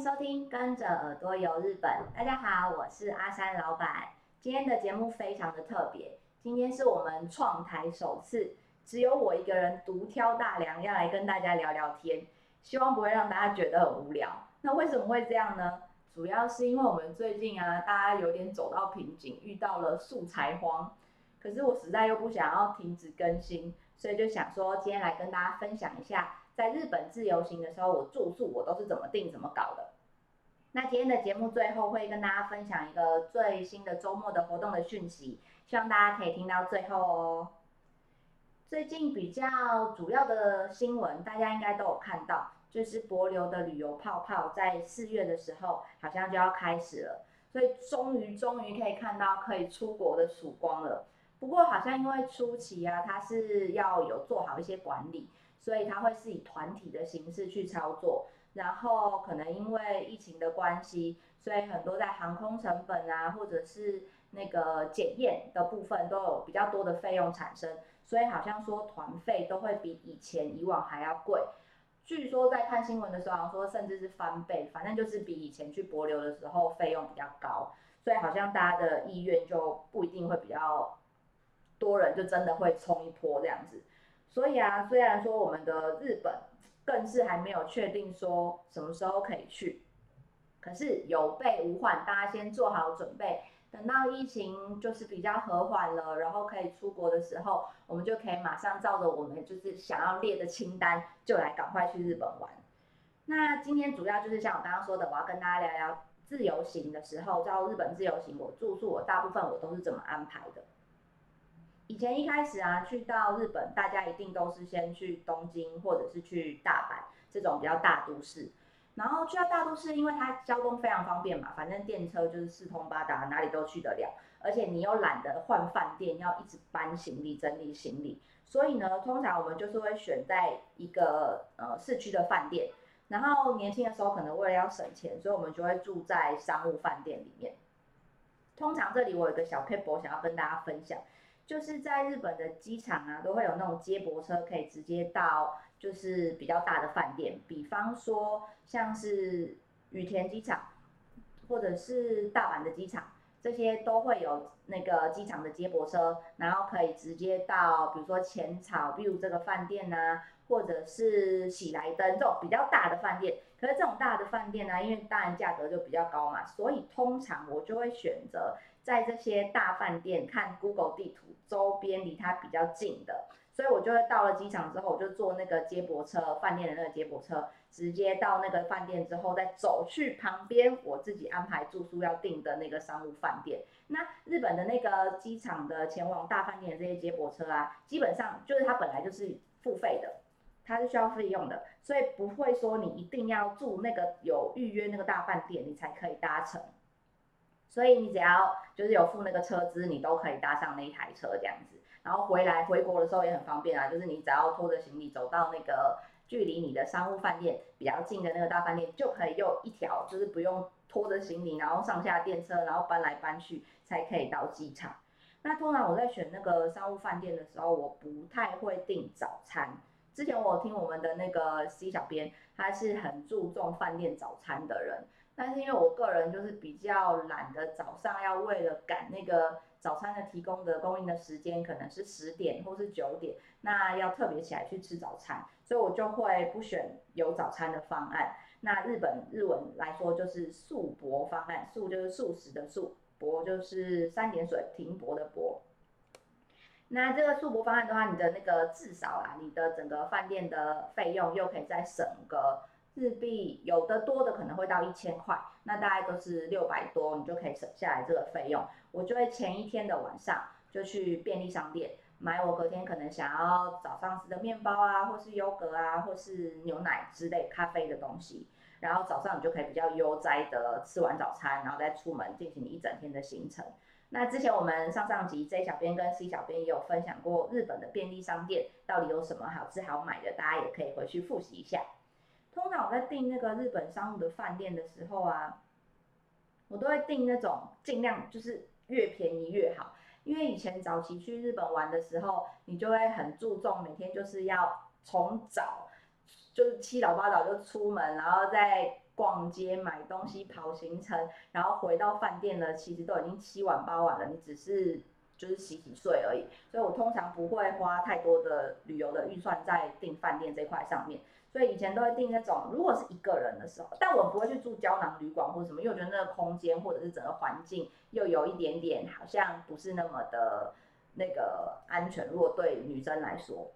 收聽跟着耳朵遊日本，大家好，我是阿珊老闆。今天的節目非常的特別，今天是我們創台首次，只有我一個人獨挑大梁，要來跟大家聊聊天，希望不會讓大家覺得很無聊。那為什麼會這樣呢？主要是因為我們最近啊，大家有點走到瓶頸，遇到了素材荒。可是我實在又不想要停止更新，所以就想說今天來跟大家分享一下，在日本自由行的時候，我住宿我都是怎麼訂、怎麼搞的。那今天的節目最後會跟大家分享一個最新的周末的活動的訊息，希望大家可以聽到最後哦。最近比較主要的新聞，大家應該都有看到，就是帛琉的旅遊泡泡在四月的時候好像就要開始了，所以終於終於可以看到可以出國的曙光了。不過好像因為初期啊，它是要有做好一些管理，所以它會是以團體的形式去操作。然後可能因為疫情的關係，所以很多在航空成本啊，或者是那個檢驗的部分都有比較多的費用產生，所以好像說團費都會比以前以往還要貴。據說在看新聞的時候好像說，甚至是翻倍，反正就是比以前去帛琉的時候費用比較高，所以好像大家的意願就不一定會比較多人，就真的會衝一波這樣子。所以啊，雖然說我們的日本。更是還沒有確定說什麼時候可以去，可是有備無患，大家先做好準備，等到疫情就是比較和緩了，然後可以出國的時候，我們就可以馬上照着我們就是想要列的清單，就來趕快去日本玩。那今天主要就是像我剛剛說的，我要跟大家聊聊自由行的時候，到日本自由行，我住宿我大部分我都是怎麼安排的。以前一開始啊，去到日本，大家一定都是先去東京或者是去大阪這種比較大都市。然後去到大都市，因為它交通非常方便嘛，反正電車就是四通八達，哪裡都去得了。而且你又懶得換飯店，要一直搬行李、整理行李。所以呢，通常我們就是會選在一個呃市區的飯店。然後年輕的時候，可能為了要省錢，所以我們就會住在商務飯店裡面。通常這裡我有一個小撇步，想要跟大家分享。就是在日本的機場啊，都會有那種接駁車，可以直接到就是比較大的飯店，比方說像是羽田機場，或者是大阪的機場，這些都會有那個機場的接駁車，然後可以直接到，比如說淺草，比如這個飯店吶、啊，或者是喜來登這種比較大的飯店。可是這種大的飯店呢、啊，因為當然價格就比較高嘛，所以通常我就會選擇。在這些大飯店看 Google 地圖周邊離它比較近的，所以我就會到了機場之後，我就坐那個接駁車，飯店的那個接駁車，直接到那個飯店之後，再走去旁邊我自己安排住宿要訂的那個商務飯店。那日本的那個機場的前往大飯店的這些接駁車啊，基本上就是它本來就是付費的，它是需要費用的，所以不會說你一定要住那個有預約那個大飯店，你才可以搭乘。所以你只要就是有付那個車資，你都可以搭上那一台車這樣子，然後回來回國的時候也很方便啊。就是你只要拖着行李走到那個距離你的商務飯店比較近的那個大飯店，就可以用一條，就是不用拖着行李，然後上下電車，然後搬來搬去，才可以到機場。那通常我在選那個商務飯店的時候，我不太會訂早餐。之前我有聽我們的那個 C 小編，他是很注重飯店早餐的人。但是因為我個人就是比較懶得早上要為了趕那個早餐的提供的供應的時間，可能是十點或是九點，那要特別起來去吃早餐，所以我就會不選有早餐的方案。那日本日文來說就是素泊方案，素就是素食的素，泊就是三點水停泊的泊。那這個素泊方案的話，你的那個至少啊，你的整個飯店的費用又可以再省個，日幣有的多的可能會到一千塊，那大概都是六百多，你就可以省下來這個費用。我就會前一天的晚上就去便利商店買我隔天可能想要早上吃的麵包啊，或是優格啊，或是牛奶之類咖啡的東西。然後早上你就可以比較悠哉的吃完早餐，然後再出門進行一整天的行程。那之前我們上上集 J 小編跟 C 小編也有分享過日本的便利商店到底有什麼好吃好買的，大家也可以回去複習一下。通常我在訂那個日本商務的飯店的時候啊，我都會訂那種盡量就是越便宜越好，因為以前早期去日本玩的時候，你就會很注重每天就是要從早，就是七早八早就出門，然後再逛街買東西跑行程，然後回到飯店了，其實都已經七晚八晚了，你只是就是洗洗睡而已，所以我通常不會花太多的旅遊的預算在訂飯店這塊上面。所以以前都會訂那種，如果是一個人的時候，但我不會去住膠囊旅館或者什麼，因為我覺得那個空間或者是整個環境又有一點點好像不是那麼的那個安全，如果對女生來說，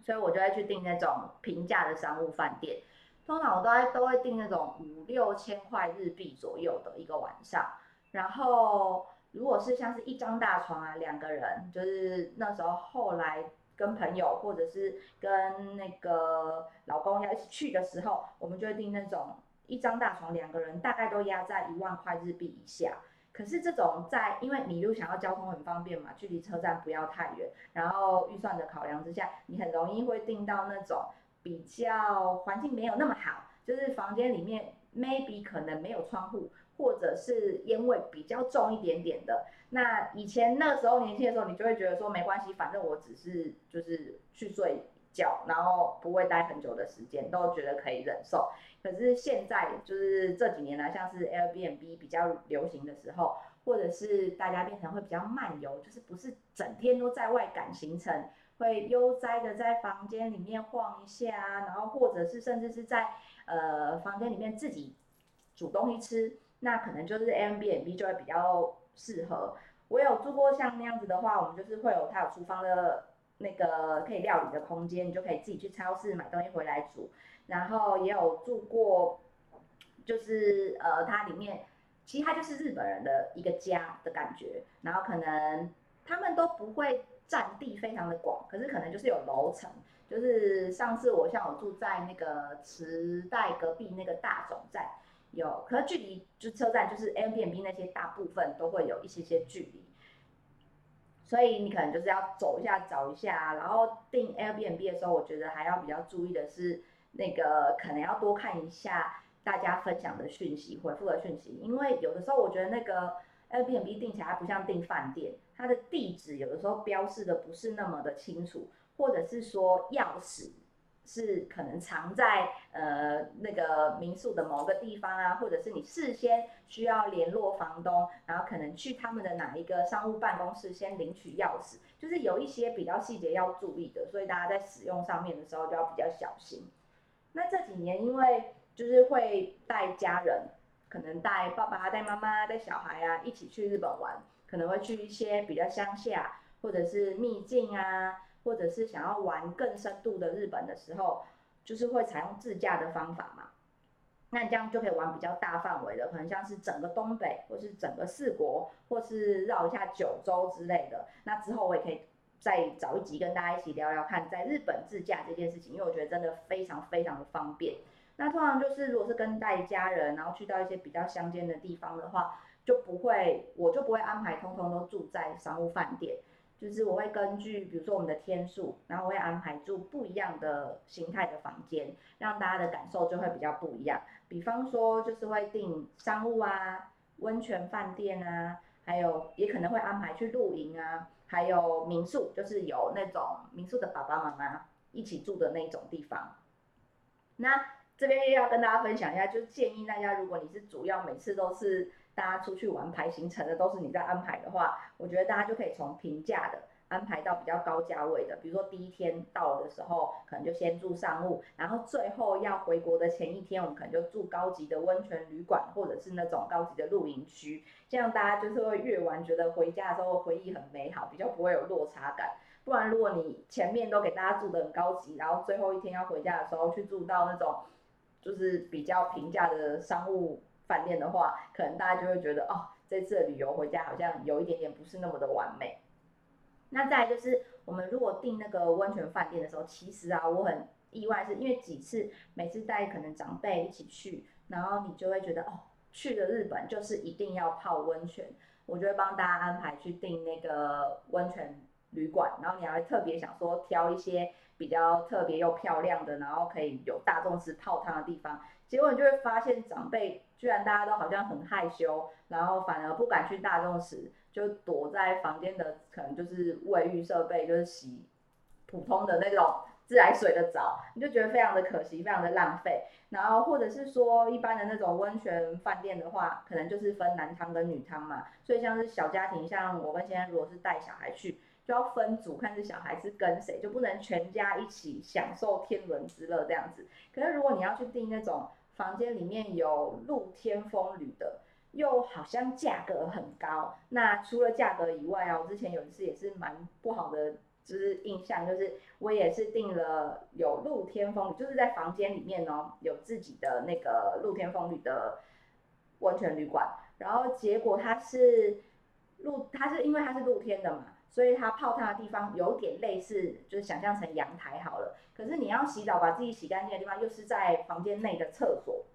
所以我就會去訂那種平價的商務飯店。通常我都都會訂那種五六千塊日幣左右的一個晚上，然後。如果是像是一張大床啊，兩個人，就是那時候後來跟朋友或者是跟那個老公要一起去的時候，我們就會訂那種一張大床兩個人，大概都壓在一萬塊日幣以下。可是這種在，因為你又想要交通很方便嘛，距離車站不要太遠，然後預算的考量之下，你很容易會訂到那種比較環境沒有那麼好，就是房間裡面 maybe 可能沒有窗戶。或者是煙味比較重一點點的，那以前那時候年輕的時候，你就會覺得說沒關係，反正我只是就是去睡覺，然後不會待很久的時間，都覺得可以忍受。可是現在就是這幾年來，像是 Airbnb 比較流行的時候，或者是大家變成會比較漫遊，就是不是整天都在外趕行程，會悠哉的在房間裡面晃一下啊，然後或者是甚至是在呃房間裡面自己煮東西吃。那可能就是 Airbnb 就會比較適合。我有住過像那樣子的話，我們就是會有它有廚房的那個可以料理的空間，你就可以自己去超市買東西回來煮。然後也有住過，就是呃，它裡面其實它就是日本人的一個家的感覺。然後可能他們都不會占地非常的廣，可是可能就是有樓層。就是上次我像我住在那個池袋隔壁那個大總站，有，可是距離就車站就是 Airbnb 那些大部分都會有一些些距離，所以你可能就是要走一下找一下，然後訂 Airbnb 的時候，我覺得還要比較注意的是，那個可能要多看一下大家分享的訊息、回復的訊息，因為有的時候我覺得那個 Airbnb 訂起來不像訂飯店，它的地址有的時候標示的不是那麼的清楚，或者是說鑰匙。是可能藏在呃那個民宿的某個地方啊，或者是你事先需要聯絡房東，然後可能去他們的哪一個商務辦公室先領取鑰匙，就是有一些比較細節要注意的，所以大家在使用上面的時候就要比較小心。那這幾年因為就是會帶家人，可能帶爸爸、帶媽媽、帶小孩啊一起去日本玩，可能會去一些比較鄉下或者是秘境啊。或者是想要玩更深度的日本的時候，就是會採用自駕的方法嘛。那你這樣就可以玩比較大範圍的，可能像是整個東北，或是整個四國，或是繞一下九州之類的。那之後我也可以再找一集跟大家一起聊聊看，在日本自駕這件事情，因為我覺得真的非常非常的方便。那通常就是如果是跟帶家人，然後去到一些比較鄉間的地方的話，就不會，我就不會安排通通都住在商務飯店。就是我會根據，比如說我們的天數，然後我會安排住不一樣的形態的房間，讓大家的感受就會比較不一樣。比方說，就是會訂商務啊、溫泉飯店啊，還有也可能會安排去露營啊，還有民宿，就是有那種民宿的爸爸媽媽一起住的那種地方。那這邊又要跟大家分享一下，就建議大家，如果你是主要每次都是。大家出去玩排行程的都是你在安排的話，我覺得大家就可以從平價的安排到比較高價位的。比如說第一天到的時候，可能就先住商務，然後最後要回國的前一天，我們可能就住高級的溫泉旅館或者是那種高級的露營區。這樣大家就是會越玩覺得回家的時候會回憶很美好，比較不會有落差感。不然如果你前面都給大家住得很高級，然後最後一天要回家的時候去住到那種就是比較平價的商務。飯店的話，可能大家就會覺得哦，這次的旅遊回家好像有一點點不是那麼的完美。那再就是，我們如果訂那個溫泉飯店的時候，其實啊，我很意外是，是因為幾次每次帶可能長輩一起去，然後你就會覺得哦，去了日本就是一定要泡溫泉，我就會幫大家安排去訂那個溫泉旅館，然後你還會特別想說挑一些比較特別又漂亮的，然後可以有大眾池泡湯的地方，結果你就會發現長輩。居然大家都好像很害羞，然後反而不敢去大眾池，就躲在房間的，可能就是衛浴設備，就是洗普通的那種自來水的澡，你就覺得非常的可惜，非常的浪費。然後或者是說一般的那種溫泉飯店的話，可能就是分男湯跟女湯嘛，所以像是小家庭，像我們現在如果是帶小孩去，就要分組，看是小孩是跟誰，就不能全家一起享受天倫之樂這樣子。可是如果你要去訂那種。房間裡面有露天風呂的，又好像價格很高。那除了價格以外哦，我之前有一次也是蠻不好的，就是印象，就是我也是訂了有露天風呂，就是在房間裡面哦，有自己的那個露天風呂的溫泉旅館。然後結果它是露，它是因為它是露天的嘛，所以它泡湯的地方有點類似，就是想象成陽台好了。可是你要洗澡，把自己洗乾淨的地方又是在房間內的廁所，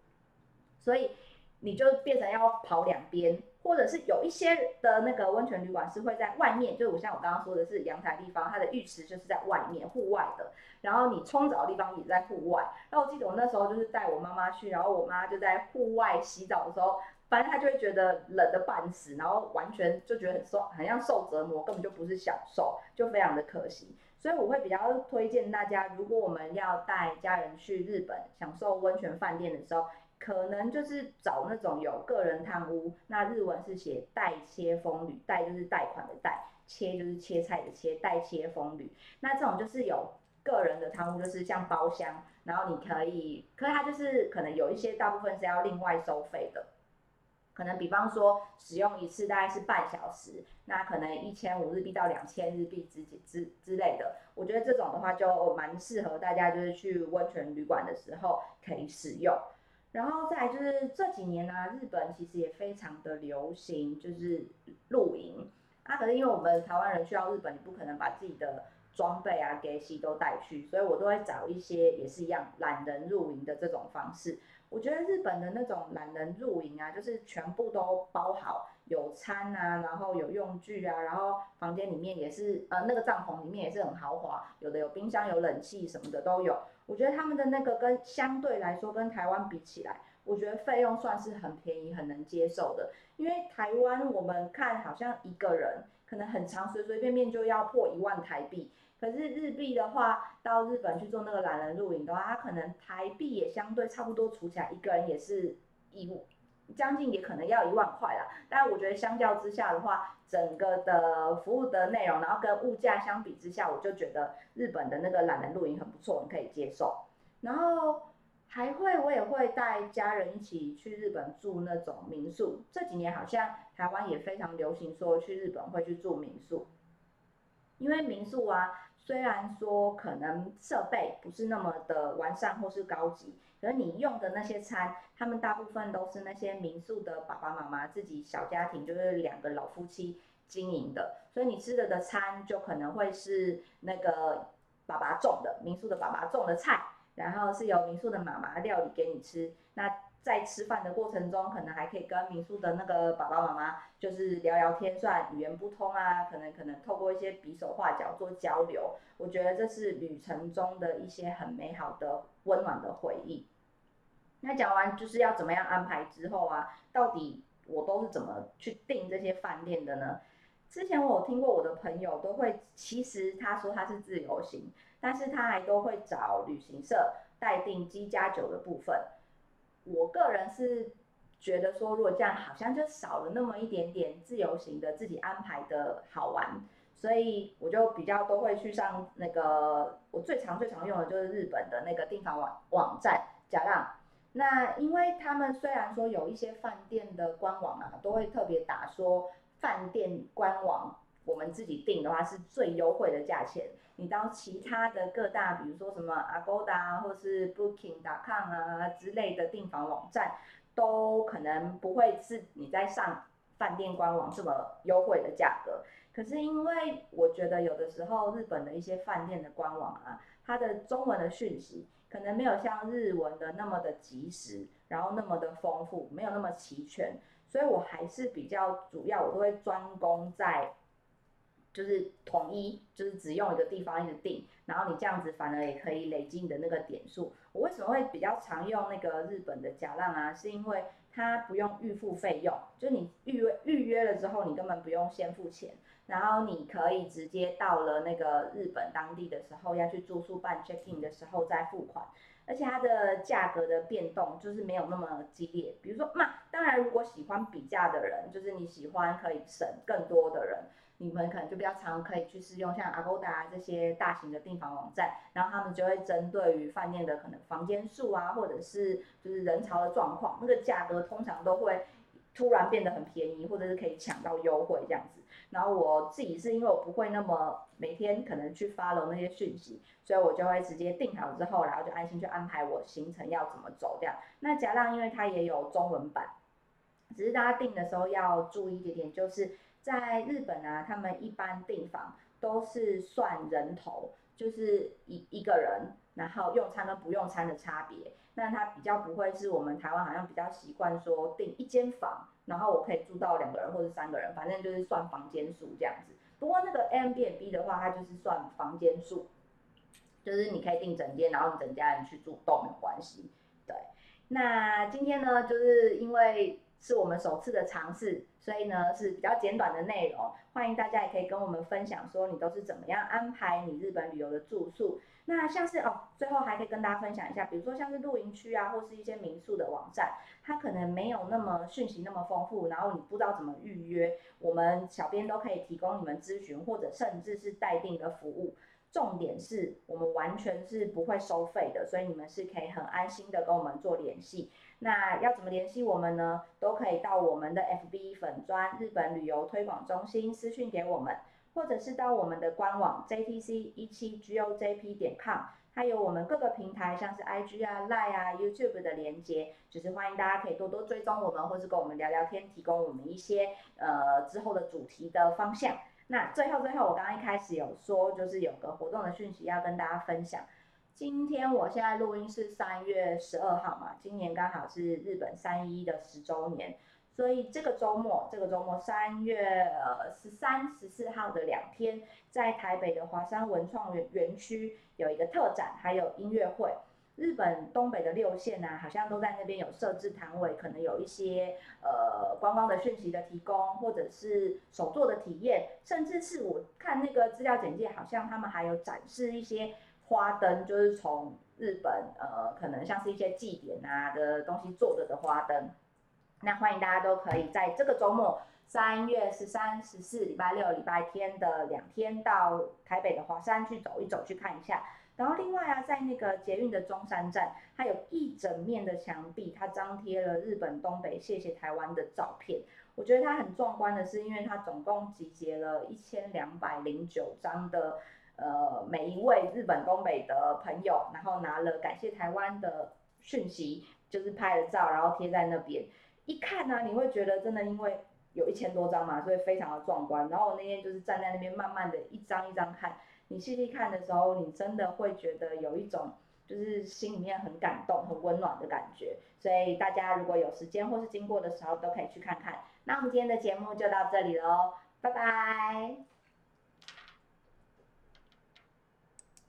所以你就變成要跑兩邊，或者是有一些的那個溫泉旅館是會在外面，就是我像我剛剛說的是陽台地方，它的浴池就是在外面，戶外的，然後你冲澡的地方也在戶外。然後我記得我那時候就是帶我媽媽去，然後我媽就在戶外洗澡的時候，反正她就會覺得冷得半死，然後完全就覺得很受，好像受折磨，根本就不是享受，就非常的可惜。所以我會比較推薦大家，如果我們要帶家人去日本享受溫泉飯店的時候，可能就是找那種有個人湯屋。那日文是寫“貸切風呂”，貸就是貸款的貸，切就是切菜的切，貸切風呂。那這種就是有個人的湯屋，就是像包廂，然後你可以，可是它就是可能有一些，大部分是要另外收費的。可能比方說使用一次大概是半小時，那可能一千五日幣到兩千日幣之之之類的，我覺得這種的話就蠻適合大家就是去溫泉旅館的時候可以使用。然後再來就是這幾年呢、啊，日本其實也非常的流行就是露營，啊可是因為我們台灣人去到日本，你不可能把自己的裝備啊、gear 都帶去，所以我都會找一些也是一樣懶人露營的這種方式。我覺得日本的那種懶人露營啊，就是全部都包好，有餐啊，然後有用具啊，然後房間裡面也是，呃，那個帳篷裡面也是很豪華，有的有冰箱、有冷氣什麼的都有。我覺得他們的那個跟相對來說跟台灣比起來，我覺得費用算是很便宜、很能接受的。因為台灣我們看好像一個人可能很常，隨隨便便就要破一萬台幣。可是日幣的話，到日本去做那個懶人露營的話，它可能台幣也相對差不多，除起來一個人也是一將近也可能要一萬塊啦。但我覺得相較之下的話，整個的服務的內容，然後跟物價相比之下，我就覺得日本的那個懶人露營很不錯，我可以接受。然後還會我也會帶家人一起去日本住那種民宿。這幾年好像台灣也非常流行說去日本會去住民宿，因為民宿啊。雖然說可能設備不是那麼的完善或是高級，可是你用的那些餐，他們大部分都是那些民宿的爸爸媽媽自己小家庭，就是兩個老夫妻經營的，所以你吃了的餐就可能會是那個爸爸種的，民宿的爸爸種的菜。然後是由民宿的媽媽的料理給你吃，那在吃飯的過程中，可能還可以跟民宿的那個爸爸媽媽就是聊聊天算，算語言不通啊，可能可能透過一些比手畫腳做交流，我覺得這是旅程中的一些很美好的溫暖的回憶。那講完就是要怎麼樣安排之後啊，到底我都是怎麼去訂這些飯店的呢？之前我有聽過我的朋友都會，其實他說他是自由行。但是他還都會找旅行社代訂機加酒的部分，我個人是覺得說，如果這樣好像就少了那麼一點點自由行的自己安排的好玩，所以我就比較都會去上那個我最常最常用的，就是日本的那個訂房網網站 Jalan。那因為他們雖然說有一些飯店的官網啊，都會特別打說飯店官網，我們自己訂的話是最優惠的價錢。你到其他的各大，比如說什麼 Agoda 或是 Booking.com 啊之類的訂房網站，都可能不會是你在上飯店官網這麼優惠的價格。可是因為我覺得有的時候日本的一些飯店的官網啊，它的中文的訊息可能沒有像日文的那麼的及時，然後那麼的豐富，沒有那麼齊全，所以我還是比較主要，我都會專攻在。就是統一，就是只用一個地方一直訂，然後你這樣子反而也可以累積你的那個點數。我為什麼會比較常用那個日本的 Jalan 啊？是因為它不用預付費用，就你預約預約了之後，你根本不用先付錢，然後你可以直接到了那個日本當地的時候要去住宿辦 check in 的時候再付款，而且它的價格的變動就是沒有那麼激烈。比如說，那當然如果喜歡比價的人，就是你喜歡可以省更多的人，你們可能就比較常可以去試用，像 Agoda 這些大型的訂房網站，然後他們就會針對於飯店的可能房間數啊，或者是就是人潮的狀況，那個價格通常都會突然變得很便宜，或者是可以搶到優惠這樣子。然後我自己是因為我不會那麼每天可能去發 o 那些訊息，所以我就會直接訂好之後，然後就安心去安排我行程要怎麼走這樣。那假亮因為它也有中文版，只是大家訂的時候要注意一點點就是。在日本啊，他們一般訂房都是算人頭，就是一一個人，然後用餐跟不用餐的差別。那他比較不會是我們台灣好像比較習慣說訂一間房，然後我可以住到兩個人或者三個人，反正就是算房間數這樣子。不過那個 Airbnb 的話，它就是算房間數，就是你可以訂整間，然後你整家人去住都沒有關係。對，那今天呢，就是因為是我們首次的嘗試。所以呢，是比較簡短的內容，歡迎大家也可以跟我們分享，說你都是怎麼樣安排你日本旅遊的住宿。那像是哦，最後還可以跟大家分享一下，比如說像是露營區啊，或是一些民宿的網站，它可能沒有那麼訊息那麼豐富，然後你不知道怎麼預約，我們小編都可以提供你們諮詢或者甚至是代訂的服務。重點是我們完全是不會收費的，所以你們是可以很安心的跟我們做聯繫。那要怎麼聯繫我們呢？都可以到我們的 F B 粉專日本旅遊推廣中心私訊給我們，或者是到我們的官網 J T C 一七 G O J P 點 com，它有我們各個平台像是 I G 啊、LINE 啊、YouTube 的連接，就是歡迎大家可以多多追蹤我們，或是跟我們聊聊天，提供我們一些呃之後的主題的方向。那最後最後，我剛剛一開始有說，就是有個活動的訊息要跟大家分享。今天我現在錄音是三月十二號嘛，今年剛好是日本三一一的十周年，所以這個周末，這個周末三月十三、十四號的兩天，在台北的華山文創園園區有一個特展，還有音樂會。日本東北的六縣啊，好像都在那邊有設置攤位，可能有一些呃官方的訊息的提供，或者是手作的體驗，甚至是我看那個資料簡介，好像他們還有展示一些。花燈就是從日本，呃，可能像是一些祭典啊的東西做的的花燈。那歡迎大家都可以在這個周末，三月十三、十四，禮拜六、禮拜天的兩天，到台北的華山去走一走，去看一下。然後另外啊，在那個捷運的中山站，它有一整面的牆壁，它張貼了日本東北謝謝台灣的照片。我覺得它很壯觀的是，因爲它總共集結了一千兩百零九張的。呃，每一位日本東北的朋友，然後拿了感謝台灣的訊息，就是拍了照，然後貼在那邊。一看呢、啊，你會覺得真的，因為有一千多張嘛，所以非常的壯觀。然後我那天就是站在那邊，慢慢的一張一張看。你細細看的時候，你真的會覺得有一種就是心裡面很感動、很溫暖的感覺。所以大家如果有時間或是經過的時候，都可以去看看。那我們今天的節目就到這裡嘍，拜拜。